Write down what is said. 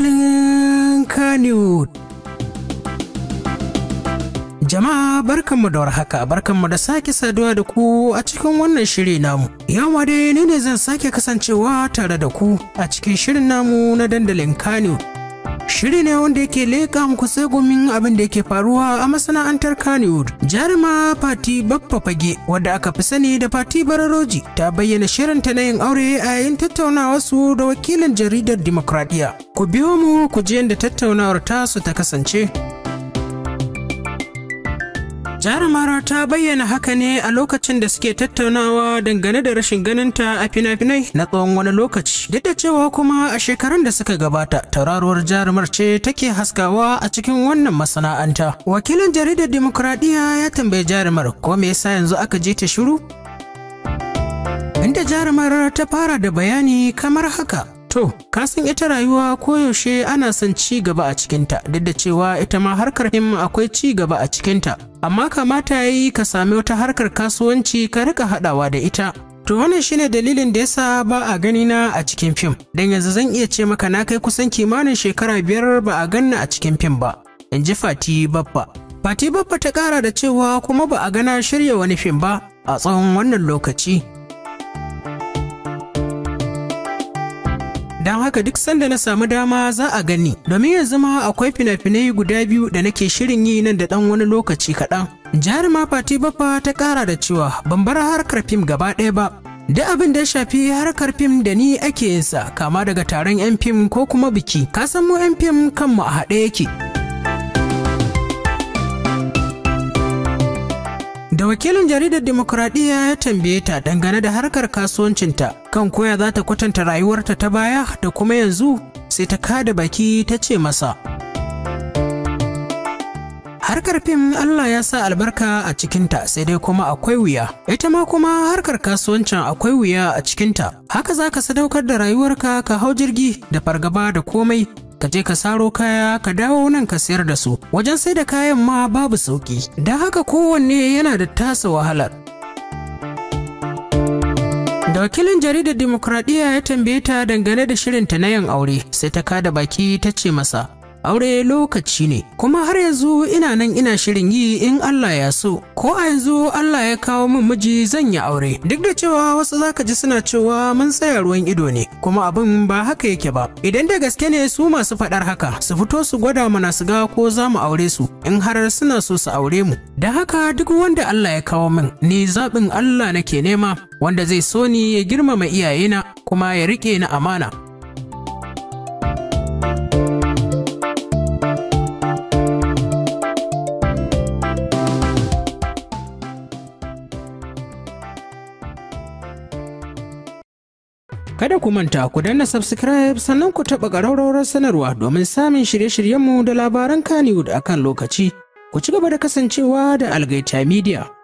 dandalin Kannywood. Jama'a barkanmu da warhaka, barkanmu da sake saduwa da ku a cikin wannan shiri namu. Yau dai ne zan sake kasancewa tare da ku a cikin shirin namu na dandalin Kannywood. shiri ne wanda yake leƙa muku tsegumin abin da yake faruwa a masana'antar Kannywood. Jarima Fati Baffa Fage wadda aka fi sani da Fati Bararoji ta bayyana shirinta na yin aure a yayin tattaunawa su da wakilin jaridar Dimokuraɗiyya. Ku biyo mu ku ji yadda tattaunawar tasu ta kasance. jarumar ta bayyana haka ne a lokacin da suke tattaunawa dangane da rashin ganinta a fina-finai na tsawon wani lokaci duk da cewa kuma a shekarun da suka gabata tauraruwar jarumar ce take haskawa a cikin wannan masana'anta wakilin jaridar demokradiyya ya tambayi jarumar ko me yasa yanzu aka je ta shiru inda jarumar ta fara da bayani kamar haka To, kasan ita rayuwa koyaushe ana son ci gaba a cikinta, duk da cewa ita ma harkar fim akwai ci gaba a cikinta, amma kamata ya yi ka sami wata harkar kasuwanci ka rika haɗawa da ita. To wannan shine dalilin da yasa ba a gani na a cikin fim, don yanzu zan iya ce maka na kai kusan kimanin shekara biyar ba a ganna a cikin fim ba, in ji Fati Babba. Fati Babba ta ƙara da cewa kuma ba a gana shirya wani fim ba a tsawon wannan lokaci. don haka duk sanda na samu dama za a gani domin yanzu ma akwai fina-finai guda biyu da nake shirin yi nan da ɗan wani lokaci kaɗan ma fati baffa ta ƙara da cewa ban bar harkar fim gaba ɗaya ba da abin da ya shafi harkar fim da ni ake yinsa kama daga taron 'yan fim ko kuma biki ka san mu 'yan fim kanmu a haɗe yake wakilin jaridar demokuraɗiyya ya tambaye ta dangane da harkar kasuwancinta kan koya za ta kwatanta rayuwarta ta baya da kuma yanzu sai ta kada baki ta ce masa harkar fim Allah ya sa albarka a cikinta sai dai kuma akwai wuya ita ma kuma harkar kasuwancin akwai wuya a cikinta haka za ka sadaukar da rayuwarka ka hau jirgi da fargaba da komai ka je ka saro kaya ka dawo nan ka sayar da su wajen sai da kayan ma babu sauki don haka kowanne yana da tasa wahalar da wakilin jaridar demokradiyya ya tambaye ta dangane da shirinta na yin aure sai ta kada baki ta ce masa aure lokaci ne kuma har yanzu ina nan ina shirin yi in Allah ya so ko a yanzu Allah ya kawo min miji zan yi aure duk da cewa wasu zaka ji suna cewa mun tsaya ruwan ido ne kuma abin ba haka yake ba idan da gaske ne su masu faɗar haka su fito su gwada mana su ga ko za mu aure su in har suna so su aure mu da haka duk wanda Allah ya kawo min ni zaɓin Allah nake nema wanda zai so ni ya girmama iyayena kuma ya riƙe ni amana Kada ku manta ku danna subscribe sannan ku taɓa ƙararrawar sanarwa domin samun shirye-shiryenmu da labaran Kannywood akan lokaci. Ku ci gaba da kasancewa da Algaita Media.